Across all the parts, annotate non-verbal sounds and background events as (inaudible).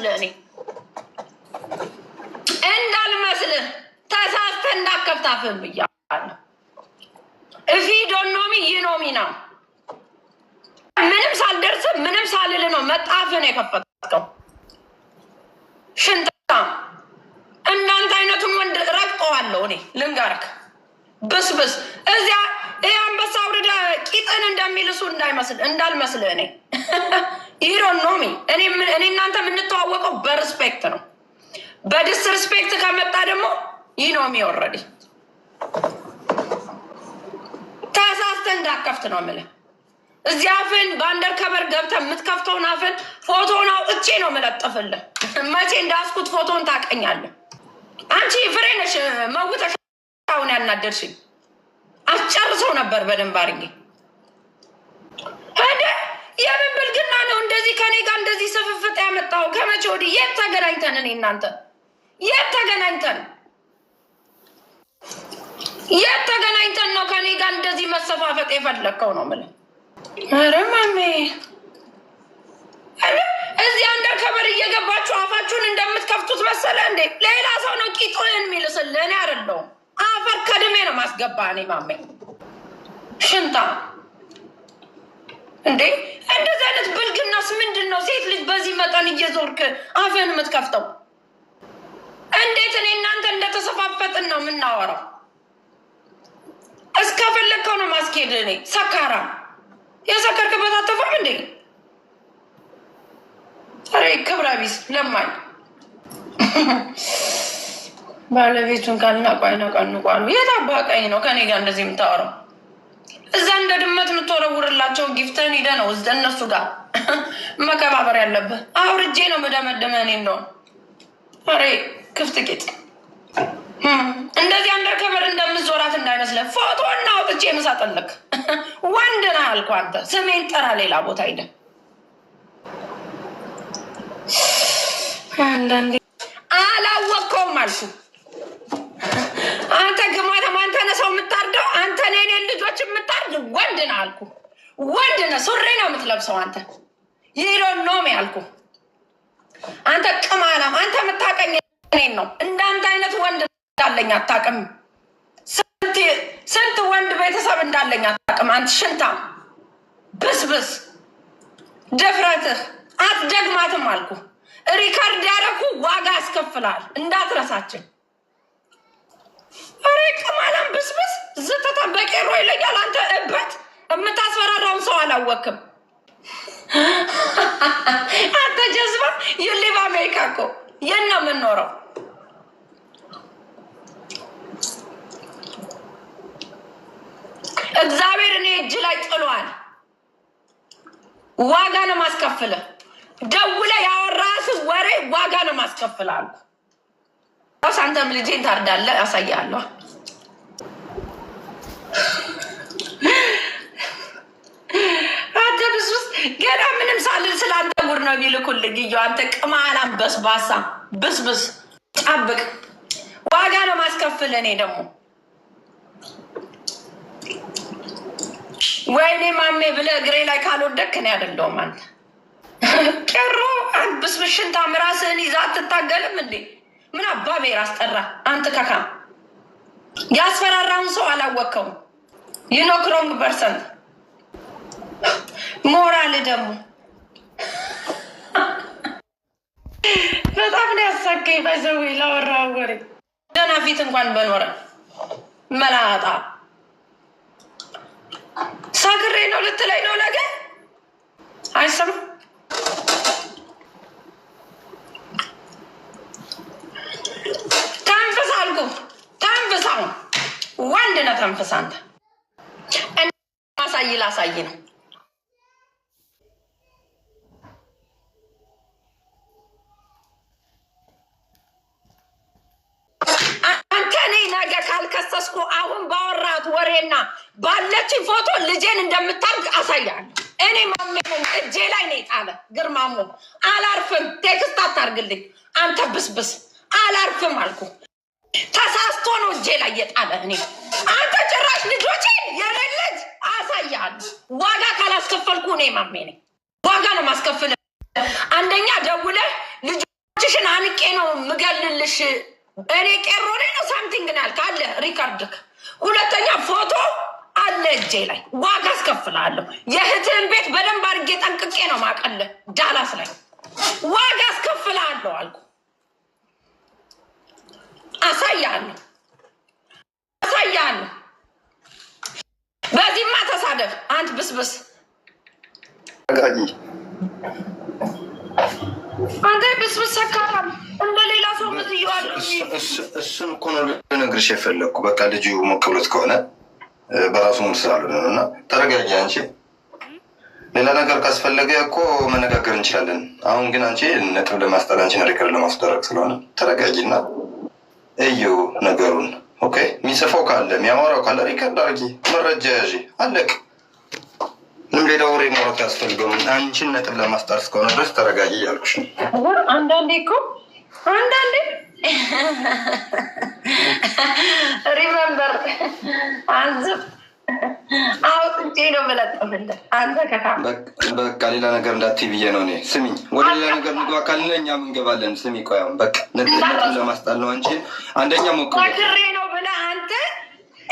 እንዳልመስልህ እኔ እንዳልመስልህ ተሳስተህ እንዳከፍታፍህም ብያለሁ። እፊ ዶኖሚ ይኖሚ ነው። ምንም ሳልደርስም ምንም ሳልል ነው መጣፍን ነው የከፈትከው። ሽንጣም እንዳንተ አይነቱን ወንድ ረግጠዋለሁ እኔ ልንጋርክ ብስብስ እዚያ ይህ አንበሳ አውርደህ ቂጥን እንደሚልሱ እንዳይመስል እንዳልመስልህ እኔ (laughs) ኢሮን ኖሚ እኔ እናንተ የምንተዋወቀው በሪስፔክት ነው። ሪስፔክት ከመጣ ደግሞ ይህ ኖሚ ወረድ ተሳስተ እንዳከፍት ነው ምለ እዚህ አፍን በአንደር ከበር ገብተ የምትከፍተውን አፍን ፎቶን አውጥቼ ነው የምለጥፍልህ። መቼ እንዳስኩት ፎቶን ታቀኛለህ። አንቺ ፍሬ ነሽ መውተሻውን ያናደርሽኝ አስጨርሰው ነበር በደንብ አድርጌ የምን ብልግና ነው እንደዚህ ከኔ ጋር እንደዚህ ስፍፍጥ ያመጣው? ከመቼ ወዲህ የት ተገናኝተን? እኔ እናንተ የት ተገናኝተን የት ተገናኝተን ነው ከኔ ጋር እንደዚህ መሰፋፈጥ የፈለግከው ነው የምልህ። ኧረ ማሜ እዚህ አንደር ከበር እየገባችሁ አፋችሁን እንደምትከፍቱት መሰለ እንዴ? ሌላ ሰው ነው ቂጦን የሚልስልህ፣ እኔ አይደለሁም። አፈር ከድሜ ነው ማስገባ እኔ ማሜ ሽንታ እንዴ እንደዚህ አይነት ብልግናስ ምንድን ነው? ሴት ልጅ በዚህ መጠን እየዞርክ አፍህን የምትከፍተው እንዴት? እኔ እናንተ እንደተሰፋፈጥን ነው የምናወራው። እስከፈለግከው ነው ማስኬድ። እኔ ሰካራ የሰከርክበት አተፋም እንዴ ረ ክብረ ቢስ ለማኝ ባለቤቱን ካልናቋይና ቀንቋሉ የታባቃኝ ነው ከኔ ጋር እንደዚህ የምታወራው እዛ እንደ ድመት የምትወረውርላቸው ጊፍተን ሂደ ነው እዛ እነሱ ጋር (laughs) መከባበር ያለብህ። አውርጄ ነው መደመደመ እኔ እንደሆነ ሬ ክፍት ጌጥ እንደዚህ አንደር ከበር እንደምዞራት እንዳይመስለን ፎቶ እና አውጥቼ የምሳጠልክ (laughs) ወንድ ነህ አልኩህ። አንተ ስሜን ጠራ ሌላ ቦታ ሂደ (sighs) አንዳንዴ የምትለብሰው አንተ ይሄዶን ኖም ያልኩ አንተ ቅማላም አንተ የምታቀኝ እኔን ነው። እንዳንተ አይነት ወንድ እንዳለኝ አታቅም ስንት ወንድ ቤተሰብ እንዳለኝ አታቅም። አንተ ሽንታም ብስብስ ድፍረትህ አትደግማትም አልኩ። ሪከርድ ያደረኩ ዋጋ ያስከፍላል እንዳትረሳችን። ኧረ ቅማላም ብስብስ ዝተታ በቄሮ ይለኛል። አንተ እበት የምታስፈራራውን ሰው አላወቅም። አንተ ጀዝባ ዩሊቭ አሜሪካ እኮ የት ነው የምንኖረው? እግዚአብሔር እኔ እጅ ላይ ጥሏል። ዋጋ ነው ማስከፍለ ደውለ ያወራስ ወሬ ዋጋ ነው ማስከፍለ አሉ። አንተም ልጄን ታርዳለህ አሳያለሁ። ልብስ ውስጥ ገና ምንም ሳልል ስላንተ ጉድ ነው የሚልኩልኝ። እዩ አንተ ቅማላም በስባሳ ብስብስ ጫብቅ ዋጋ ነው ማስከፍል። እኔ ደግሞ ወይኔ ማሜ ብለህ እግሬ ላይ ካልወደክ እኔ አይደለሁም አንተ ቀሮ ብስብሽንታ ራስህን ይዛ አትታገልም እንዴ? ምን አባ ብሔር ጠራ አንተ ከካ ያስፈራራውን ሰው አላወቀውም። ይኖክሮንግ ፐርሰንት ሞራል ደግሞ በጣም ነው ያሳቀኝ። በዘዊ ላወራ ወሬ ደህና ፊት እንኳን በኖረ መላጣ ሳግሬ ነው ልትለኝ ነው ነገ አይሰማም። ተንፍስ አልኩ ተንፍስ። ወንድ ነህ ተንፍስ። አንተ ማሳይ ላሳይ ነው አለ ግርማሞ። አላርፍም ቴክስት አታርግልኝ አንተ ብስብስ አላርፍም አልኩ። ተሳስቶ ነው እጄ ላይ የጣለ። እኔ አንተ ጭራሽ ልጆቼን የኔ ልጅ አሳያል። ዋጋ ካላስከፈልኩ እኔ ማሜ ነኝ ዋጋ ማስከፍል። አንደኛ ደውለ ልጆችሽን አንቄ ነው ምገልልሽ እኔ ቄሮኔ ነው ሳምቲንግ ናልክ አለ ሪካርድክ። ሁለተኛ ፎቶ አለ እጄ ላይ ዋጋ አስከፍልሃለሁ። የእህትህን ቤት በደንብ አድርጌ ጠንቅቄ ነው ማቀለ ዳላስ ላይ ዋጋ አስከፍልሃለሁ አልኩ። አሳያለሁ አሳያለሁ። በዚህማ ተሳደብ አንተ ብስብስ። አንተ ብስብስ ሰካራም እንደ ሌላ ሰው ምትየዋለ። እሱን እኮ ነው ልነግርሽ የፈለግኩ። በቃ ልጁ መቀብሎት ከሆነ በራሱ ምሳሉ ነው እና ተረጋጊ አንቺ። ሌላ ነገር ካስፈለገ እኮ መነጋገር እንችላለን። አሁን ግን አንቺ ነጥብ ለማስጠር አንቺን ሪከርድ ለማስደረግ ስለሆነ ተረጋጊና እዩ ነገሩን። ኦኬ የሚጽፈው ካለ የሚያማራው ካለ ሪከርድ አርጊ፣ መረጃ ያዥ። አለቅ ምንም ሌላ ወሬ ማውራት ያስፈልገውም። አንቺን ነጥብ ለማስጠር እስከሆነ ድረስ ተረጋጊ እያልኩሽ ነው። አንዳንዴ እኮ አንዳንዴ ሪመምበር አንዝብ አውጥቼ ነው የምለጥፍልህ። አንተ በቃ ሌላ ነገር እንዳትይ ብዬ ነው። እኔ ስሚኝ፣ ወደ ሌላ ነገር ንግባ ካልን እኛም እንገባለን። ስሚ፣ ቆይ አሁን በቃ ነጥነቱን ለማስጣል ነው። አንቺን አንደኛ ሞቅ ግሬ ነው ብለህ አንተ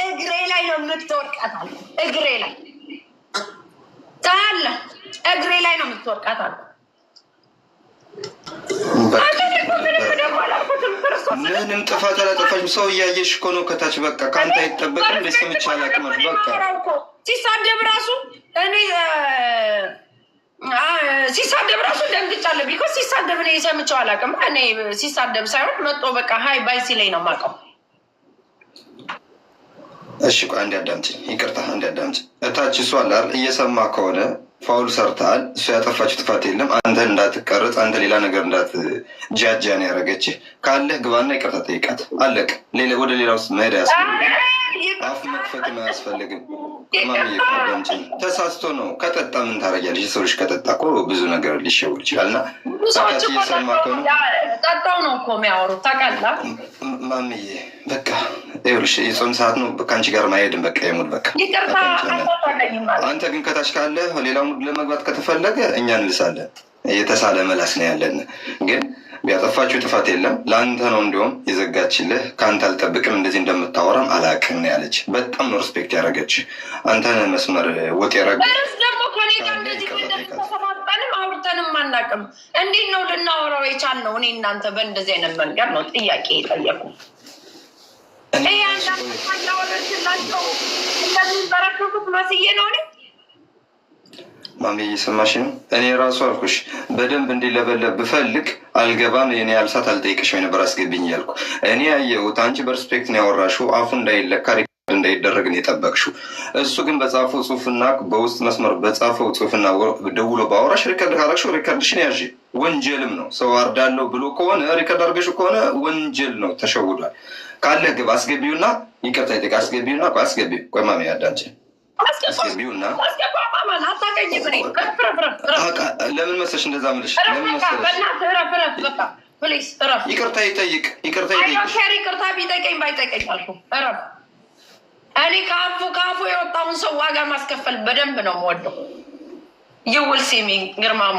እግሬ ላይ ነው የምትወርቃታል። እግሬ ላይ ታለ እግሬ ላይ ነው የምትወርቃታል። ምንም ጥፋት አላጠፋሽም። ሰው እያየሽ እኮ ነው ከታች። በቃ ከአንተ አይጠበቅም። እንደ ሰምቼ አላውቅም። በቃ ሲሳደብ ራሱ እኔ ሲሳደብ ራሱ ደንግጫለሁ። ቢኮዝ ሲሳደብ እኔ ሰምቼው አላውቅም። እኔ ሲሳደብ ሳይሆን መጦ በቃ ሀይ ባይ ሲለኝ ነው የማውቀው። እሺ ቆይ አንዴ አዳምጪኝ፣ ይቅርታ አንዴ አዳምጪኝ። እታች እሷ አለ እየሰማ ከሆነ ፋውል ሰርተሃል። እሷ ያጠፋችው ጥፋት የለም። አንተን እንዳትቀረጽ፣ አንተ ሌላ ነገር እንዳት ጃጃን ያደረገች ካለ ግባና ይቅርታ ጠይቃት። አለቅ። ወደ ሌላ ውስጥ መሄድ አያስፈልግም። አፍ መክፈት አያስፈልግም። ማምጭኝ ተሳስቶ ነው። ከጠጣ ምን ታደርጊያለሽ? የሰው ልጅ ከጠጣ እኮ ብዙ ነገር ሊሸውል ይችላል። እና ሰማ ነው ጠጣው ነው እኮ የሚያወሩት ታውቃለህ። ማምዬ በቃ ይኸውልሽ የጾም ሰዓት ነው። አንቺ ጋር ማሄድን በቃ የሙድ በቃ አንተ ግን ከታች ካለ ሌላው ሙድ ለመግባት ከተፈለገ እኛ እንልሳለን። የተሳለ መላስ ነው ያለን። ግን ቢያጠፋችሁ ጥፋት የለም ለአንተ ነው። እንዲሁም የዘጋችልህ ከአንተ አልጠብቅም እንደዚህ እንደምታወራም አላውቅም ነው ያለች። በጣም ነው ሪስፔክት ያደረገች። አንተን መስመር ወጥ ያረግ ደግሞ ከኔ ጋር እንደዚህ ተሰማጠንም አውርተንም አናውቅም። እንዴት ነው ልናወራው የቻልነው? እኔ እናንተ በእንደዚህ አይነት መንገድ ነው ጥያቄ የጠየቁ ማሚ እየሰማሽ ነው? እኔ ራሱ አልኩሽ በደንብ እንዲለበለብ ብፈልግ አልገባም። የኔ አልሳት አልጠይቅሽ ወይ ነበር አስገብኝ እያልኩ እኔ ያየሁት አንቺ በርስፔክት ነው ያወራሽው። አፉ እንዳይለካ እንዳይደረግ ነው የጠበቅሽው። እሱ ግን በጻፈው ጽሁፍና በውስጥ መስመር በጻፈው ጽሁፍና ደውሎ ባወራሽ ሪከርድ ካረግሽው ሪከርድሽን ያዥ። ወንጀልም ነው ሰው አርዳለው ብሎ ከሆነ ሪከርድ አርገሽው ከሆነ ወንጀል ነው፣ ተሸውዷል። ካለ ግብ አስገቢውና ይቅርታ ይጠቅ አስገቢውና አስገቢው ቆይ ማሜ አዳንችን አስገቢውና ለምን መሰለሽ እንደዛ ምልሽ ይቅርታ ይጠይቅ ይቅርታ ይጠይቅ ይቅርታ ቢጠቀኝ ባይጠቀኝ አልኩ እረፍ እኔ ከአፉ ከአፉ የወጣውን ሰው ዋጋ ማስከፈል በደንብ ነው የምወደው ይውል ሲሚ ግርማሙ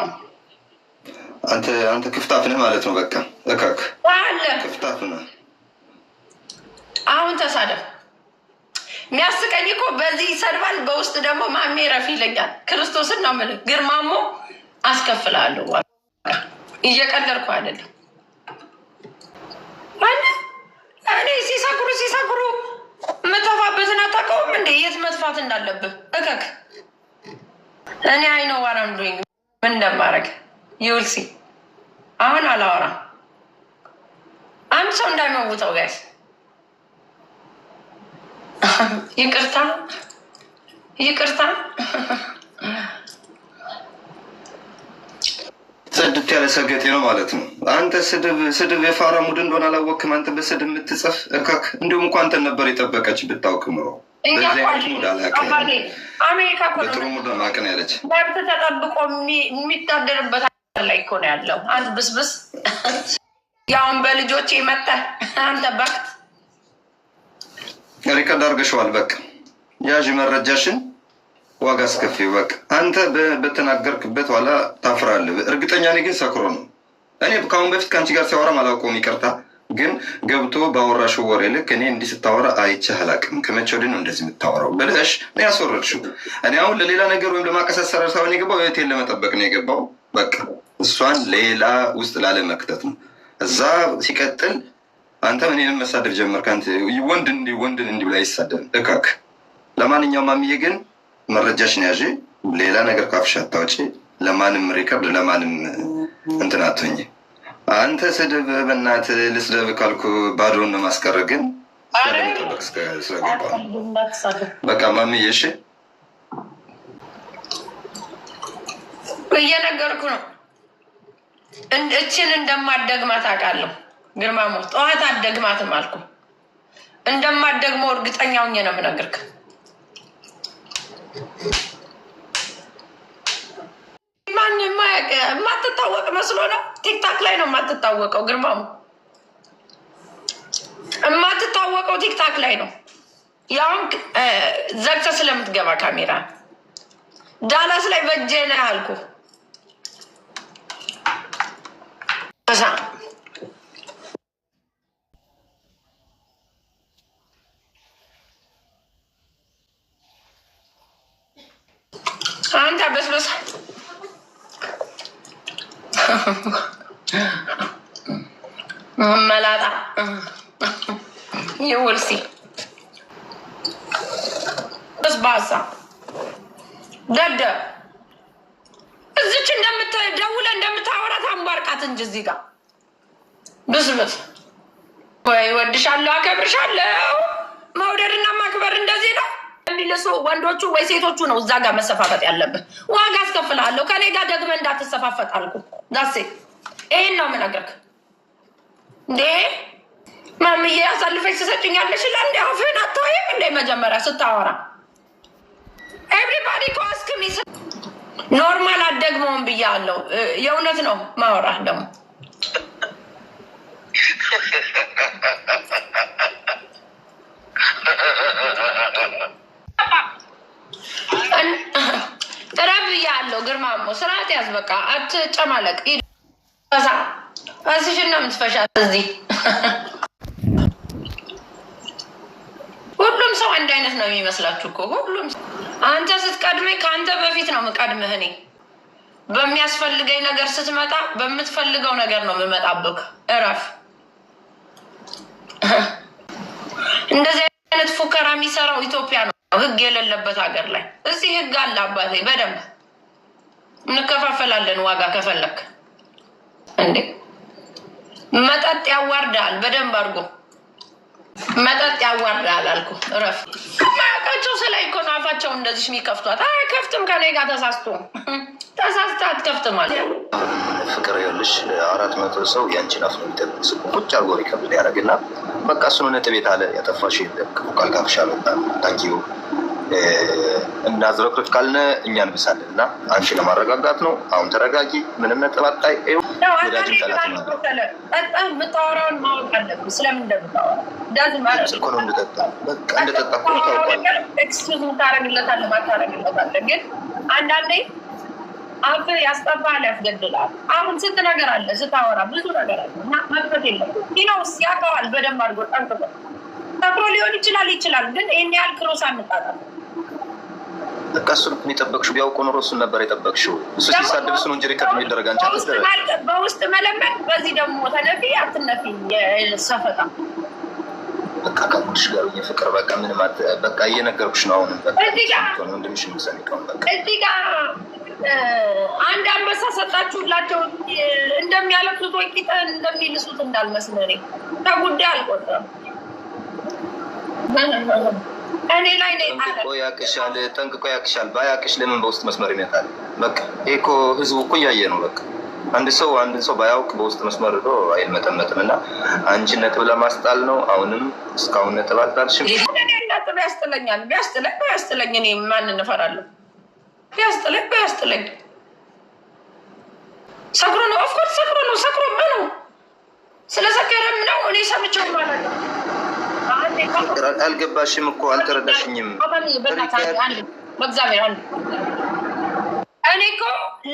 አንተ ክፍታፍ ነህ ማለት ነው በቃ እካክ ክፍታፍ ነህ አሁን ተሳደብ። የሚያስቀኝ እኮ በዚህ ይሰድባል፣ በውስጥ ደግሞ ማሜ ረፍ ይለኛል። ክርስቶስን ነው የምልህ። ግርማሞ አስከፍላለሁ። እየቀለድኩ አይደለም። እኔ ሲሰክሩ ሲሰክሩ የምተፋበትን አታውቀውም እንዴ? የት መጥፋት እንዳለብህ እከክ። እኔ አይኖ ዋራም ዶኝ ምን እንደማደርግ ይውልሲ። አሁን አላወራም። አንድ ሰው እንዳይመውተው ጋይስ ይቅርታ ይቅርታ። ጽድት ያለ ሰገጤ ነው ማለት ነው። አንተ ስድብ ስድብ የፋራ ሙድ እንደሆነ አላወቅም። አንተ በስድብ የምትጽፍ እርካክ። እንዲሁም እኮ አንተን ነበር የጠበቀች ብታውቅ ምሮ በጥሩ ሙድ ማቅን ያለች መብት ተጠብቆ የሚታደርበት ላይ እኮ ነው ያለው። አንድ ብስብስ ያውን በልጆች መጠ አንተ በክት ሪከርድ አድርገሽዋል። በቃ ያዥ መረጃሽን ዋጋ አስከፊ በቃ አንተ በተናገርክበት ኋላ ታፍራለህ። እርግጠኛ ነኝ ግን ሰክሮ ነው። እኔ ከአሁን በፊት ከአንቺ ጋር ሲያወራም አላውቀውም ይቅርታ፣ ግን ገብቶ ባወራሽው ወሬ ልክ እኔ እንዲህ ስታወራ አይቼህ አላውቅም፣ ከመቼ ወዲህ ነው እንደዚህ የምታወራው ብለሽ ነው ያስወረድሽው። እኔ አሁን ለሌላ ነገር ወይም ለማቀሳሰር ሳይሆን የገባው እህቴን ለመጠበቅ ነው የገባው። በቃ እሷን ሌላ ውስጥ ላለመክተት ነው እዛ ሲቀጥል አንተም እኔንም መሳደብ ጀመርክ። አንተ ወንድ እንዲህ ወንድን እንዲህ ብላ ይሳደብ እካክ። ለማንኛውም ማሚዬ ግን መረጃሽን ያዥ፣ ሌላ ነገር ካፍሽ አታውጪ። ለማንም ሪከርድ ለማንም እንትን አትሆኝ። አንተ ስድብ በእናትህ ልስደብ ካልኩ ባዶን ማስቀረ ግን በቃ ማሚዬ እሺ፣ እየነገርኩ ነው። እችን እንደማደግማ ታውቃለሁ ግርማ ሞት ጠዋት አደግማትም አልኩ። እንደማደግመው እርግጠኛ ሆኜ ነው የምነግርህ። ማን የማትታወቅ መስሎ ነው? ቲክታክ ላይ ነው የማትታወቀው። ግርማሙ የማትታወቀው ቲክታክ ላይ ነው። ያውም ዘግተህ ስለምትገባ ካሜራ ዳላስ ላይ በጀ ነህ አልኩህ። አንተ በስበሳ መላጣ የወልሲ በስባሳ ደደ እዚች እንደምትደውለ እንደምታወራት አምባርቃት እንጂ እዚህ ጋር ብስብስ ወይ ወድሻለሁ፣ አከብርሻለሁ። መውደድና ማክበር እንደዚህ ነው። የሚልሱ ወንዶቹ ወይ ሴቶቹ ነው እዛ ጋር መሰፋፈጥ ያለብህ። ዋጋ አስከፍልሃለሁ። ከኔ ጋር ደግመህ እንዳትሰፋፈጥ አልኩ። ዳሴ ይሄን ነው የምነግርህ። እንዴ ማምዬ አሳልፈች ትሰጭኛለሽ ላ እንዲ አፍህን አታይም እንደ መጀመሪያ ስታወራ ኤቭሪባዲ ከስክሚ ኖርማል አደግመውን ብዬ አለው። የእውነት ነው ማወራህ ደግሞ ግርማ ስርዓት ያዝ። በቃ አትጨማለቅ። ሳ ራስሽን ነው የምትፈሻ። እዚህ ሁሉም ሰው አንድ አይነት ነው የሚመስላችሁ እኮ ሁሉም። አንተ ስትቀድመኝ ከአንተ በፊት ነው የምቀድምህ። እኔ በሚያስፈልገኝ ነገር ስትመጣ በምትፈልገው ነገር ነው የምመጣብህ። እረፍ። እንደዚህ አይነት ፉከራ የሚሰራው ኢትዮጵያ ነው፣ ህግ የሌለበት ሀገር ላይ። እዚህ ህግ አለ አባቴ በደንብ እንከፋፈላለን ዋጋ ከፈለክ እንዴ መጠጥ ያዋርዳል። በደንብ አድርጎ መጠጥ ያዋርዳል አልኩ። እረፍ ማያውቃቸው ስለ ኢኮኖ አፋቸው እንደዚህ የሚከፍቷት አይከፍትም። ከኔ ጋር ተሳስቶ ተሳስተ አትከፍትም ፍቅር ያለሽ አራት መቶ ሰው ያንቺን አፍ ነው የሚጠብቅ። ቁጭ አርጎ ሪከብድ ያደረግና በቃ እሱን ነጥብ የታለ ያጠፋሽ ቃል ጋብሻ መጣ ታንኪዩ እናዝረክርክ ካልነ እኛ እንብሳለን እና አንቺ ለማረጋጋት ነው። አሁን ተረጋጊ። ምንም ነጠባጣይ ወዳጅም ጠላት ምታወራውን ማወቅ አለብን። ስለምን እንደጠጣ ግን አንዳንዴ አፍ ያስጠፋል፣ ያስገድላል። አሁን ስንት ነገር አለ ስታወራ ብዙ ነገር አለ እና መጥፈት የለም ይነውስ ያውቀዋል በደንብ አድርጎ ጠንቅቆ ተክሮ ሊሆን ይችላል ይችላል። ግን ይህን ያህል ክሮስ አንጣጣለን በቃ እሱን የጠበቅሽው ቢያውቁ ኖሮ እሱን ነበር የጠበቅሽው። እሱ ሲሳደብ እሱን እንጂ ሪከርድ የሚደረግ አንቺ በውስጥ መለመን፣ በዚህ ደግሞ ተነፊ አትነፊ ሰፈጣ በቃ ከሙድሽ ጋር የፍቅር በቃ ምንም በቃ እየነገርኩሽ ነው። አሁንም ወንድምሽ ምሰን እዚህ ጋር አንድ አንበሳ ሰጣችሁላቸው እንደሚያለቅሱት ወቂጠን እንደሚልሱት እንዳልመስል ከጉዳይ አልቆጠም ጠንቅቆ ያቅሻል። ባያቅሽ ለምን በውስጥ መስመር ይመጣል? በቃ ይሄ እኮ ህዝቡ እኮ እያየ ነው። በቃ አንድ ሰው አንድን ሰው ባያውቅ በውስጥ መስመር ዶ አይመጠመጥም። እና አንቺን ነጥብ ለማስጣል ነው። አሁንም እስካሁን ነጥብ አልጣልሽም። ነጥብ ያስጥለኛል። ቢያስጥለኝ ቢያስጥለኝ እኔ ማንን እፈራለሁ? ቢያስጥለኝ ቢያስጥለኝ ሰክሮ ነው። ኦፍኮርስ ሰክሮ ነው። ሰክሮማ ነው። ስለሰከረም ነው እኔ ሰምቼው ማለት ነው አልገባሽም እኮ አልተረዳሽኝም። እኔ እኮ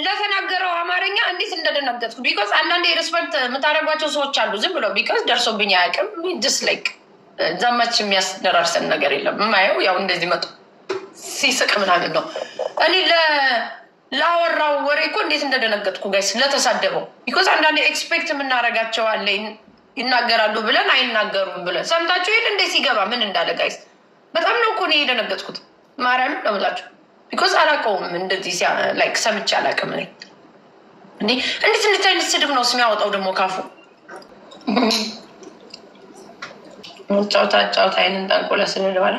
ለተናገረው አማርኛ እንዴት እንደደነገጥኩ ቢኮዝ አንዳንድ የሪስፐክት የምታደርጓቸው ሰዎች አሉ። ዝም ብሎ ቢኮዝ ደርሶብኝ አያውቅም። ዲስላይክ ዛማች የሚያስደራርሰን ነገር የለም። የማየው ያው እንደዚህ መጡ ሲስቅ ምናምን ነው። እኔ ላወራው ወሬ እኮ እንዴት እንደደነገጥኩ ጋይስ፣ ለተሳደበው ቢኮዝ አንዳንዴ ኤክስፔክት የምናደርጋቸው አለኝ ይናገራሉ ብለን አይናገሩም ብለን ሰምታችሁ ይሄድ እንደ ሲገባ ምን እንዳለ ጋይስ፣ በጣም ነው እኮ እኔ የደነገጥኩት ማርያምን ነው የምላችሁ። ቢኮዝ አላውቀውም እንደዚህ ላይክ ሰምቼ አላውቅም። እኔ እንዴ እንዴት እንዴት አይነት ስድብ ነው ስሚያወጣው ደግሞ ካፉ ጫውታ ጫውታ አይንን ጠንቆለ ስንል